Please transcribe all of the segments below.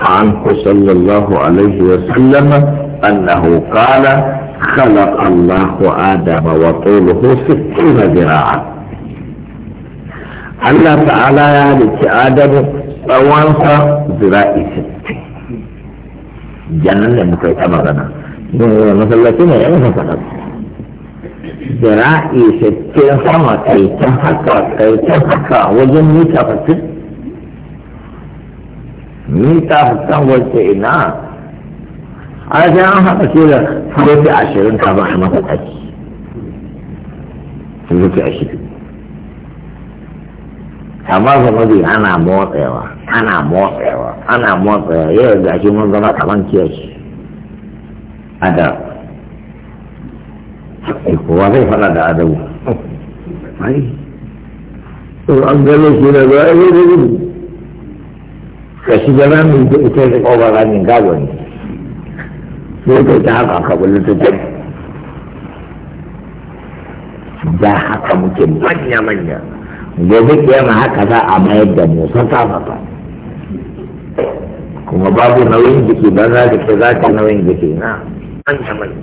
عنه صلى الله عليه وسلم أنه قال خلق الله آدم وطوله ستون ذراعا الله تعالى يالك يعني آدم طوالها ذراع ستين جنن لم مغنى مثلا كنا يعني مثلا ذراعي ستين سما كيتة حكا كيتة حكا Eh, ni ta san wacce ina a sai an haɗa shi da kofi ashirin kama a masa ɗaki sun zuke ashirin amma zama zai ana motsawa ana motsawa ana motsawa yau ga shi mun zama kaman kiyashi a da kowa zai faɗa da adabu oh, ai an gano shi da za a yi da gudu ka shiga ramin da ita da ga ramin gado ne sai ka ta haka ka bulu ta jan da haka muke manya-manya gobe kiyama haka za a mayar da mu sata mata kuma babu nauyin jiki ba za ta ke za ka nauyin jiki na manya-manya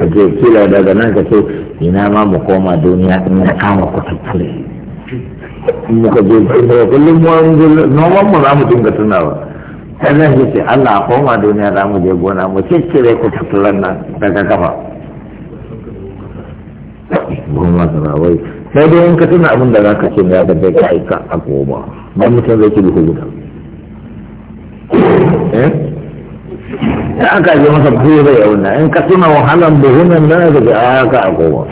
ka ce kila daga nan ka ce ina ma mu koma duniya in na kama kututtule in muka je kullum noman mu za mu dinga tunawa sai Allah koma duniya za mu je gona mu ciccire ku daga kafa goma wai sai dai in ka tuna abin da ce ya da bai ka a goma zai ci duku guda eh aka je masa bai yauna in ka tuna wahalan buhunan nan da aka a goma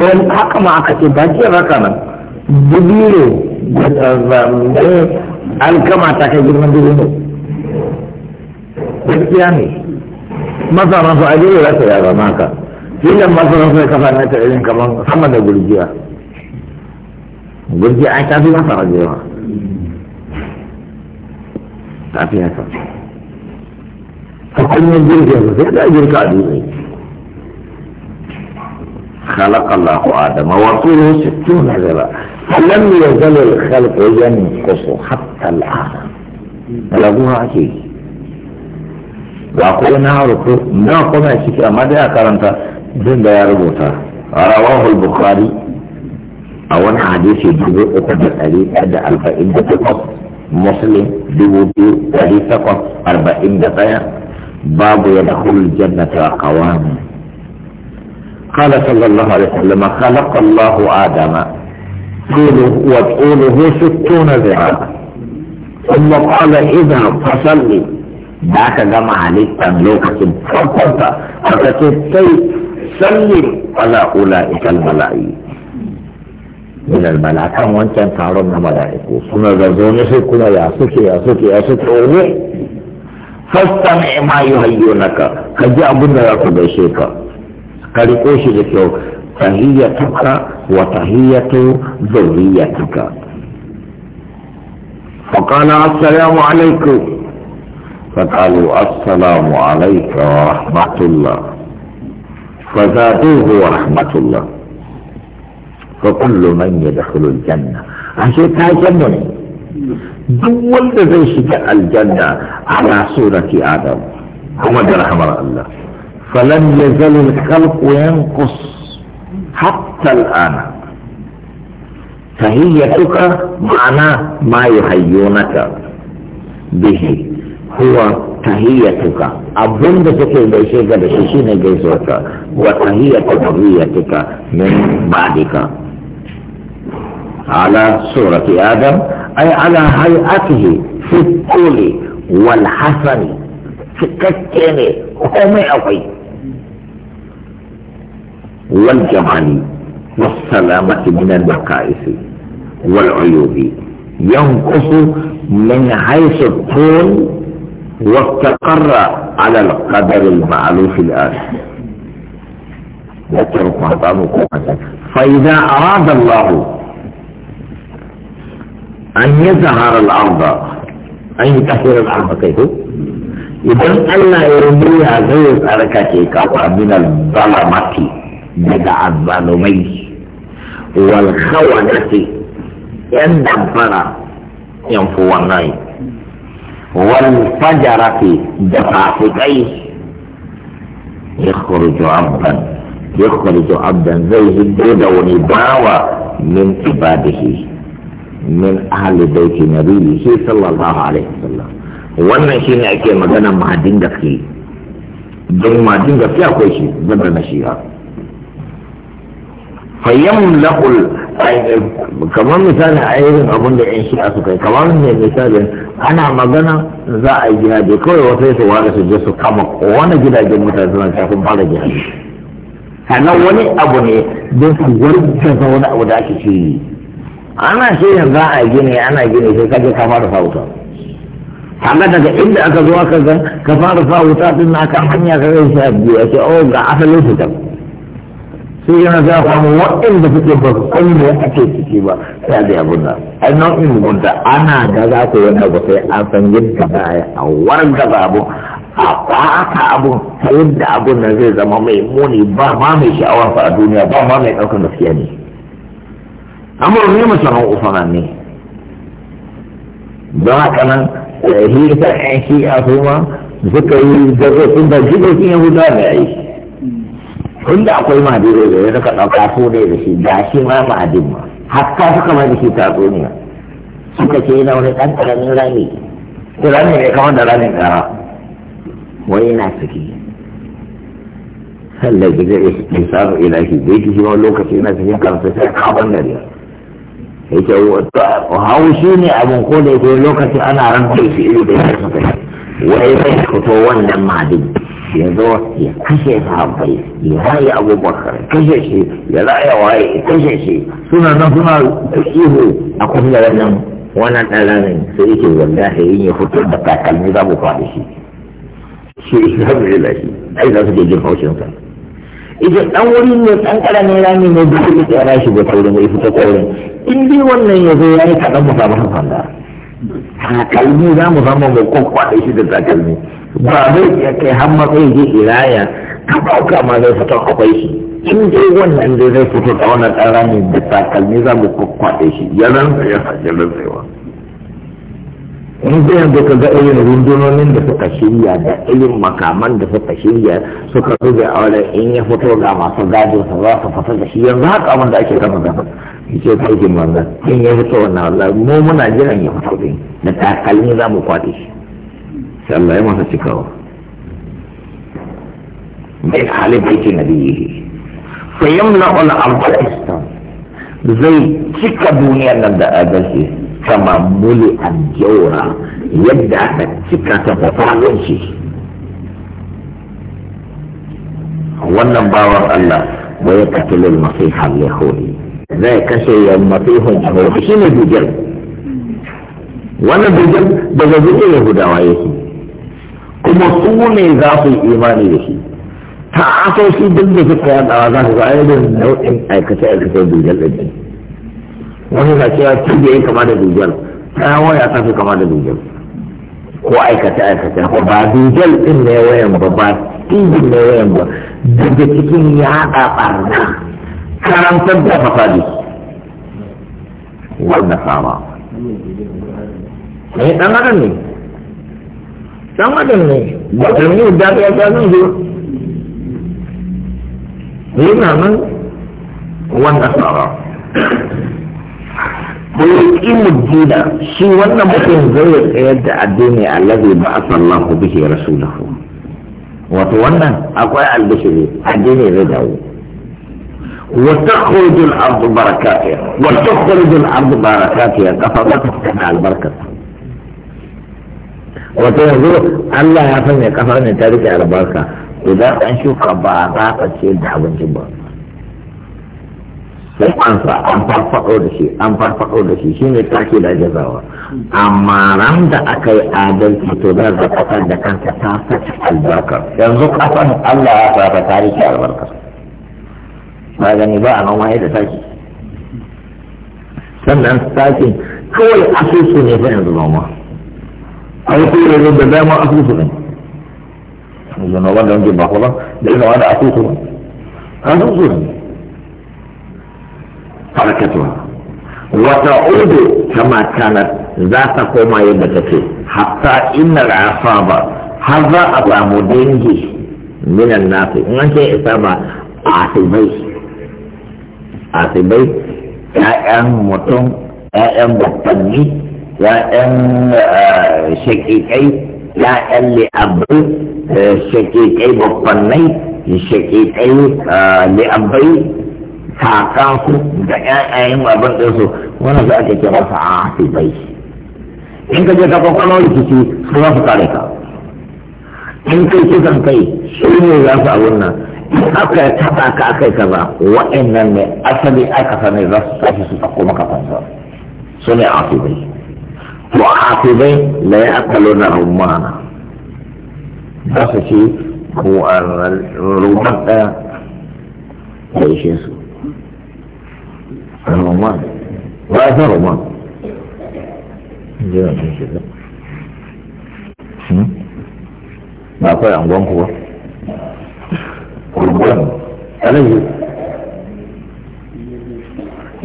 wani haka ma aka ce ba jiya raka nan dubiro ta kai girman dubiro gaskiya ne su ya zama filin kafa na kamar sama da gurgiya gurgiya masa jirgin sai da girka خلق الله آدم وطوله ستون ذراع فلم يزل الخلق ينقص حتى الآن بلغوها شيء وأقول نعرف نعقم شيء ماذا أكرمت دين ديار بوتا رواه البخاري أو حديث يجب أكد الأليف أدى ألفئن تقص مسلم بوضوء أليف تقص أربعين دقيقة باب يدخل الجنة وقوامه قال صلى الله عليه وسلم خلق الله آدم طوله وطوله ستون ذراعا ثم قال إذا فصلي ذاك جمع عليك تملكة فقلت فكتبتي سلم على أولئك الملائكة من الملائكة وانت تعرضنا ملائكة ثم ذرزوني سكنا يا سكي يا سكي يا سكي فاستمع ما يهيونك كجاء بنا يا سبيشيك ka riko shi da kyau فقال السلام عليكم فقالوا السلام عليك ورحمة الله فزادوه ورحمة الله فكل من يدخل الجنة عشان تاجمني دول ذي شجاع الجنة على سورة آدم هو رحمة الله فلم يزل الخلق ينقص حتى الآن فهيتك معناه ما يحيونك به هو تهيتك أظن بسكر بيشيك بشيشين جيزوك وتهية ذريتك من بعدك على سورة آدم أي على هيئته في الطول والحسن في كتيني وما والجمال والسلامة من النقائص والعيوب ينقص من حيث الطول واستقر على القدر المعروف الآن فإذا أراد الله أن يزهر الأرض أن يكسر الأرض كيف إذا ألا يرميها زي الحركة كفر من الظلمة daga azzalumai wal khawanati yan damfara yan fuwan rai wal fajarati da fafikai يخرج عبدا يخرج عبدا زي هدود ونباوة من عباده من أهل بيت نبيه صلى الله عليه وسلم wannan shi ne ake magana mahadin gaske don mahadin gaske akwai shi zan da فيملأ kamar misali a irin abin da yan shi'a suka yi kamar ne misalin ana magana za a yi gidaje kawai wata ya ware su je su kama wani gidajen mutane suna kafin fara gidaje sannan wani abu ne don su wargaza wani abu da ake ce ana shirin za a gini ana gini sai kaje ka fara sauta kaga daga inda aka zo aka ga ka fara sa sauta din aka hanya ka ga shi a biyu ya ce oh ga asalin su sai yana za a kwamo waɗanda suke ba su san me ake ciki ba sai a biya bunna ai nau'in bunta ana da za ku yi abu sai an san yadda za a yi a wargaza abu a ɓata abu ta yadda abun nan zai zama mai muni ba ma mai fa a duniya ba ma mai ɗaukar gaskiya ne mu musamman usana ne don haka nan eh, hira ta yan shi'a su ma suka yi da zai sun da jikokin yahudawa ne a yi tun da akwai madirai da ya suka ɗauka su ne da shi da shi ma ma'adin ma Haka suka mai da shi tatsuniya suka ce yana wani ɗan ƙaramin rami rami ne kamar da ramin ɗara. wai yana ciki Allah ya zai iya samun ilahi da yake shi ma lokaci yana cikin karatu sai kaban gari hau haushi ne abin ko da yake lokaci ana rantar shi iri da ya suka wai zai fito wannan ma'adin ya zo ya kashe sahabbai ya raya abubakar kashe shi ya raya waye ya kashe shi suna nan suna ihu a kusa da wannan wannan ɗan ramin sai yake wanda ya yi ya fito da takalmi za mu faɗi shi shi alhamdulillah shi ai za su ke jin haushin sa ita dan wuri ne dan karamin rami ne duk da ke ara shi ga taurin ya fito taurin in dai wannan ya zo ya yi kaɗan mu samu sanda takalmi za mu samu mu kwakwaɗe shi da takalmi ba zai iya kai har matsayi ke iraya ta ɗauka ma zai fito akwai shi in dai wannan dai zai fito da wani ɗan ne da takalmi za mu kwakwaɗe shi ya rantsa ya sake rantsewa in dai yanzu ka ga irin rundunonin da suka shirya da irin makaman da suka shirya suka zuba a wani in ya fito ga masu gado sa za su fito da shi yanzu haka abin da ake gama su ce kai jin wannan in ya fito wannan wallahi mu muna jiran ya fito din da takalmi za mu kwaɗe shi قال لا يا مهد تكاور بيت على بيت نبيه فيمنع الأرض الإسلام زي تكا دنيا نبدأ أدسي كما ملي الجورة يبدأ تكا تفعلون شيء وانا باور الله ويكتل المسيح اليهودي زي كشي المسيح هو حسين الدجال وانا الدجال بجزئي يهودا وعيسي kuma su ne za su yi imani da shi ta aso shi duk da suka yadawa za su zai da nau'in aikace-aikace dujal da ne wani na cewa tun da yi kama da dujal ta waya ta fi kama da dujal ko aikace-aikace ko ba dujal ɗin ne wayan ba ba tijin ne wayan ba daga cikin yaɗa ɓarna karantar da fasadi wanda sama. Eh, ɗan adam ne. san waɗanne waɗanne da ta yasa nan zo yana nan wanda tsara ko ya ƙi mujjida shi wannan mutum zai ya tsayar da addini allazi ba a sallahu bihi rasulahu wato wannan akwai albishiri addini zai dawo وتخرج الأرض بركاتها وتخرج الأرض بركاتها كفرت البركة wato yanzu Allah ya mai kafa ne ta rike albarka idan an shuka ba za ka ce da abincin ba sai an sa an farfado da shi an farfado da shi shi ne take da jazawa amma ran da aka yi adalci to za ka kasar da kanka ta saki albarka yanzu ne Allah ya sa ta tarihi albarka ba gani ba a noma yadda taki sannan taki kawai asusu ne sai yanzu noma هيقول له ده ده ما اخلصه يعني ده اذا ما ظل ينجي بحضة لانه انا اخلصه ده هذا ظلم حركتها وتعود كما كانت ذات قوما يبتكي حتى ان العصابة هذا اطعم دينجي من الناس ما شيء اصابة عاصبي عاصبي كأن متم كأن متمي ya'yan eh, shakikai ya'yan li'abbai eh, shakikai babbanai shakikai eh, li'abbai kakansu da ƴaƴayen abin ɗinsu wannan za ake kira su bai in ka je ka kwakwalwa rikici su za su kare ka in kai kisan kai su ne za su abin nan aka taba ka aka yi kaza wa'annan ne asali aka sani za su tafi su tsakko maka fansa su ne bai. Buat hati ni, lay akalu na rumah na. Masa si, buat rumah ta, lay ya, si su. Rumah. Buat ya, hmm? apa rumah? Dia nak cakap. Hmm? Bapa yang buang kuah. Kurban. Tak lagi.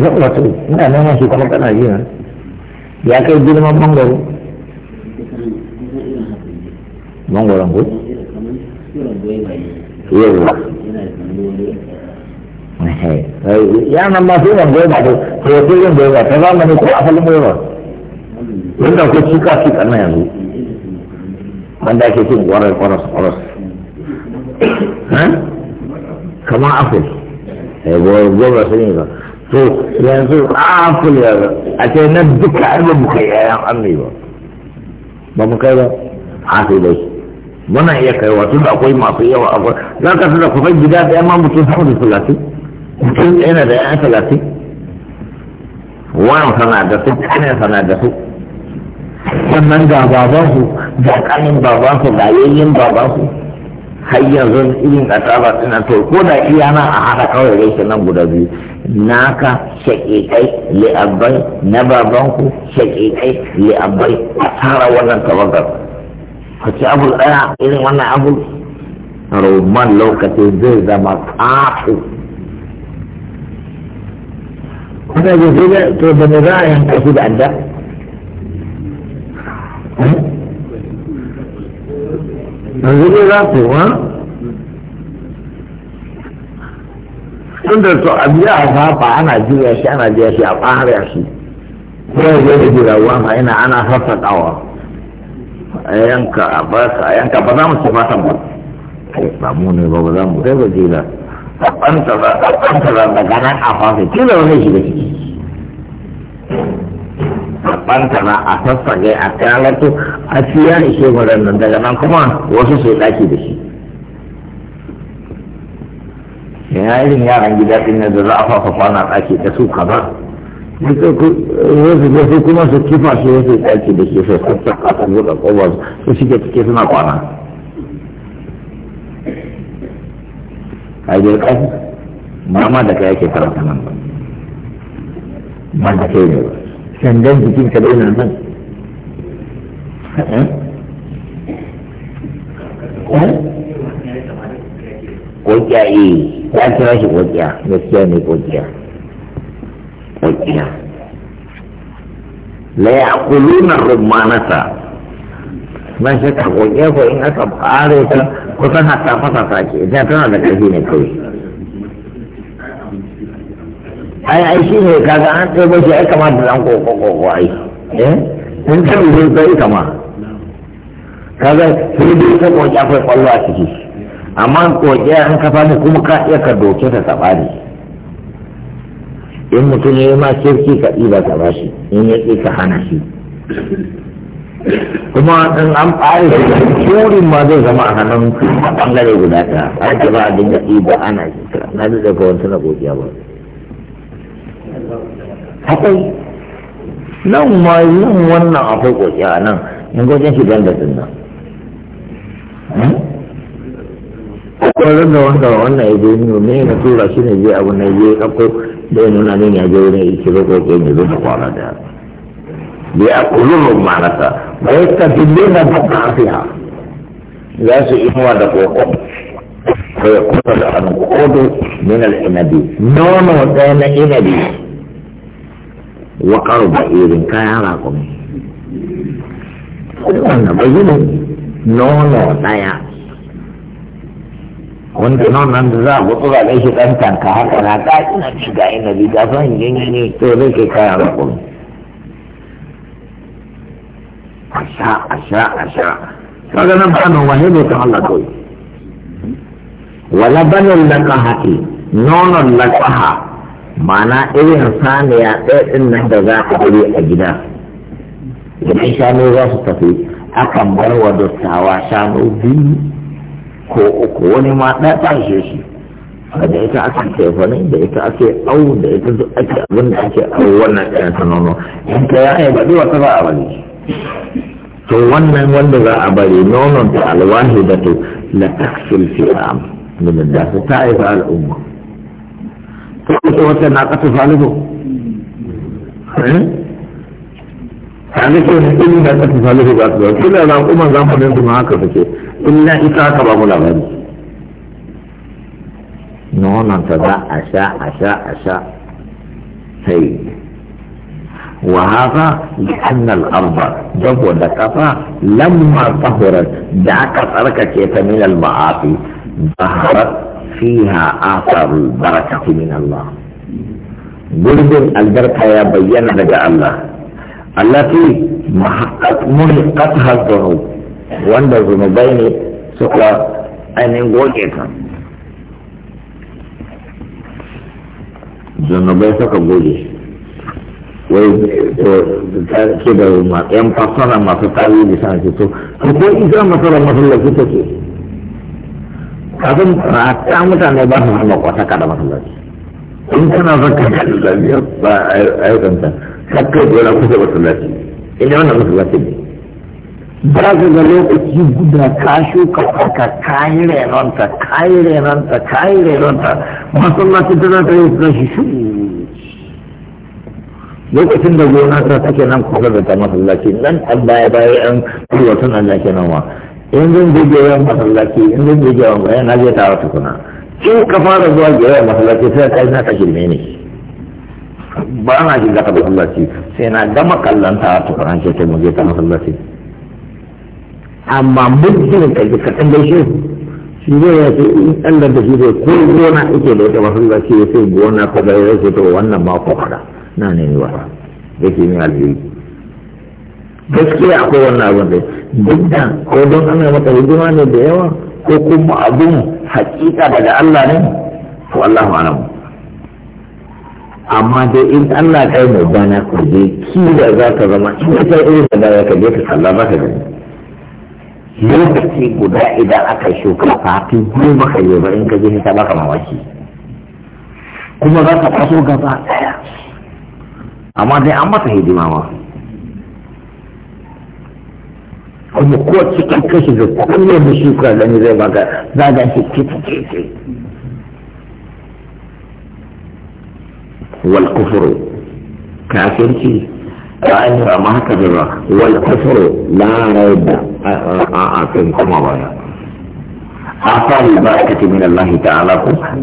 Tak masih kalau Tak lagi. kan? ya kai girman mangoro mangoron ku yawa ya nan ma sai ban goba ko ko sai ban goba ta zamani ko asalin goba wanda ko ka shi kana yanzu wanda ake cin gwarar kwaras kwaras kamar afil eh, gobe sun yi ba to yanzu aful ya a ce na duka ba mu kai yayan Allah ba ba mu kai ba a hafi dai muna iya kai wato da akwai masu yawa akwai za ka tada kusan gida da yamma mutum sama da talatin mutum yana da yan talatin wani sana da su kanin sana da su sannan ga babansu da kanin babansu ga yayyin babansu har yanzu irin azaba suna to ko da iya na a haɗa kawai rai nan guda biyu naka shaƙiƙai li'abbai na babanku shaƙiƙai li'abbai a tara wannan tawagar ku ci abu ɗaya irin wannan abu roman lokaci zai zama ƙafu kuna da zai to da ne za a yanka shi da adda eh? yanzu ne za ku ha tunda to abiya a fafa ana juya shi ana juya shi a fara shi yau zai da jira ruwan ina ana sassaƙawa a yanka ba za mu ci fatan ba kai mu ne ba ba za mu sai ba jira a ɓanta za a ɓanta ba a a fafa kila wani shiga ciki ɓantana a sassage a kalatu a shi ishe nan daga nan kuma wasu sai ɗaki da shi ina irin yaran gida ɗin da za a fafa kwana ɗaki da su kaza wasu da su kuma su kifa shi wasu ɗaki da shi su sassaka su buɗe ƙobar su shige cike suna kwana a jirƙa mama da kai yake karanta nan ba ma da kai ne ba jikin ka da ina nan eh? Eh? kokiya eh ya kira shi kokiya gaskiya ne kokiya kokiya la yaquluna rumanata ban shakka ko in aka fare ta kusan hatta fasa sake idan tana da ƙarfi ne kawai ai ai shi ne kaga an ɗebo shi ai kama da ɗan koko koko ai eh in ta yi sai kama kaga sai dai ta koki akwai kwallo a ciki amma koki an kafa ne kuma ka iya ka doke ta tsabari in mutum ya yi ma kirki ka ɗiba ta ba shi in ya ƙi ka hana shi kuma in an ɓare shi turin ma zai zama a hannun a ɓangare guda ta ake ba a dinga ɗiba ana shi na duk da kawai na godiya ba akwai nan ma yin wannan akwai koki a nan in gwajin shigar da din nan hmm? akwai rinda wanda wannan ya je nuna ne na tura shi ne je abu na je akwai da ya nuna ne ya je wani ya kiro koki ne zai kwana da bi a kulu manasa ba ya tafi lena ba ta fiha za su kuma da kokon ko ya kusa da hannu kodo min da inabi nono ɗaya na inabi wa ƙaru ba irin kayan raƙumi wannan bayyana nono ɗaya wanda nonon da za a gutsu ga ɗai shi ɗan tanka haka na ka ina ci ga ina bi ga son ganye ne to zai kai kayan raƙumi a sha a sha a sha kaga nan ba noma ne bai ta Allah kawai wala banin lakaha ke nonon lakaha mana irin saniya ɗaya ɗin nan da za ta gari a gida idan shanu za su tafi akan bar wa dattawa shanu biyu ko uku wani ma ɗaya ta ishe shi da ita ake tefani da ita ake au da ita duk ake abin da ake au wannan ɗayan sanono in ka ya yi baɗi wata ba a bari to wannan wanda za a bari nonon ta alwahi da to la taksul fi'am min da ta haifa al'umma وقتها ناقته فعلته فعلته فعلته فعلته فعلته فعلته فعلته فعلته كل الله أما الأرض جب لما طهرت دعك تركك يتمين المعاطي ظهرت fiha asaru barakatu min Allah gurbin albarka ya bayyana daga Allah Allah fi muhiqqat hazzuru wanda zunubai ne suka ainihin goge ta zunubai suka goge wai ke da yan fasara masu tarihi da sa ke so ko ko isa masarar masallaci take abin ta mutane ba su hana kwata masu masallaci in kana zan ka da laliyar ba a yi kanta sakka dole kusa masallaci inda wannan masallaci ne ba su ga lokaci guda ka shuka ka yi renonta yi renonta yi renonta masallaci tana ta yi kusa shi lokacin da gona ta take nan kusa da ta masallaci nan an baya baya an kurwatan Allah ke nan wa in zan je gewayen masallaci in zan je gewayen bayan na je tara tukuna in ka fara zuwa gewayen masallaci sai ka yi na kashin ne ba na shiga ta masallaci sai na gama kallon ta tukuna ce ta mu je ta masallaci amma muddin ka ji ka tambaye gaishe shi ne ya ce in ɗan da shi zai ko gona ake da wata masallaci ya sai gona ko da ya ce to wannan ma ko fada na ne ne wa yake min alheri gaskiya akwai wannan abin da duk da ko don ana mata hidima ne da yawa ko kuma abin hakika daga Allah ne to Allahu alam amma dai in Allah kai mai bana ku je da za ka zama in ka irin da za ka je ka kalla ba ka gani lokaci guda idan aka shuka fatin ko ka yi ba in ka je ka baka mamaki kuma za ka taso gaba daya amma dai an masa hidima ma kuma ko cikin kashi da kullum da shuka da ne zai baka za ga shi kici kici wal kufru kafirci ra'ayin ma haka da ba wal kufru la rayba a a kan kuma baya آثار البركة من الله تعالى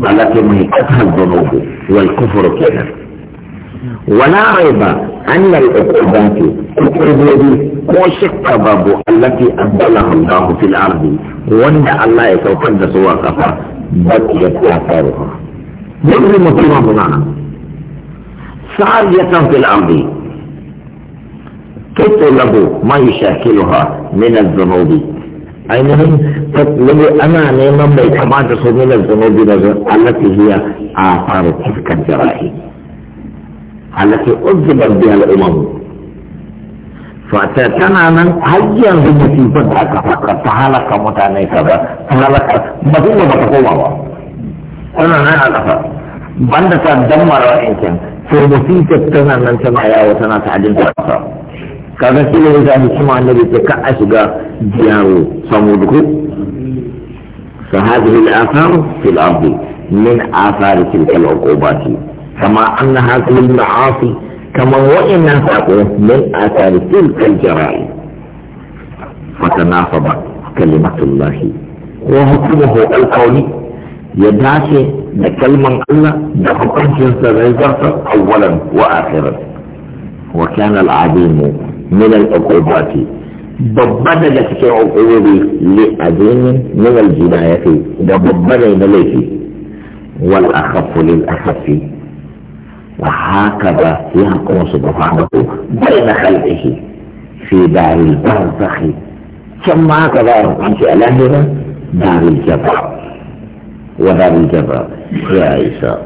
التي مهكتها الذنوب والكفر كذا ولا ريب أن العقوبات تقرب ko shakka التي allati الله في الأرض ardi wanda Allah ya saukar da su a kafa bakiya ta faruwa في الأرض تطلب ما يشاكلها من الذنوب أينهم تطلب أنا نيما بيتماتس من الذنوب التي هي آثار تلك الجرائم التي أذبت بها الأمم fata tana nan har yanzu musibar da aka faka ta halaka mutane ka ba ta halaka madina ba ta koma ba tana nan a ƙasa banda ta dammara wa'ancan sai ta tana nan tana yawo tana ta ajin ta ƙasa kaga shi ne ya zaɓi kuma da ce ka a shiga diyaro samu duku فهذه da في الأرض من آثار تلك العقوبات كما أن هذه المعاصي كما وإن تقول من آثار تلك الجرائم فتنافبت كلمة الله وحكمه القولي يداشي بكلمة الله بحكم جنس الرزاق أولا وآخرا وكان العظيم من العقوبات babban لكي cikin ukubi من الجناية min aljinayati والأخف للأخف وهكذا يحكم سبحانه بين خلقه في دار البرزخ ثم هكذا يحكم في الاخره دار الجبر ودار الجبر يا عيسى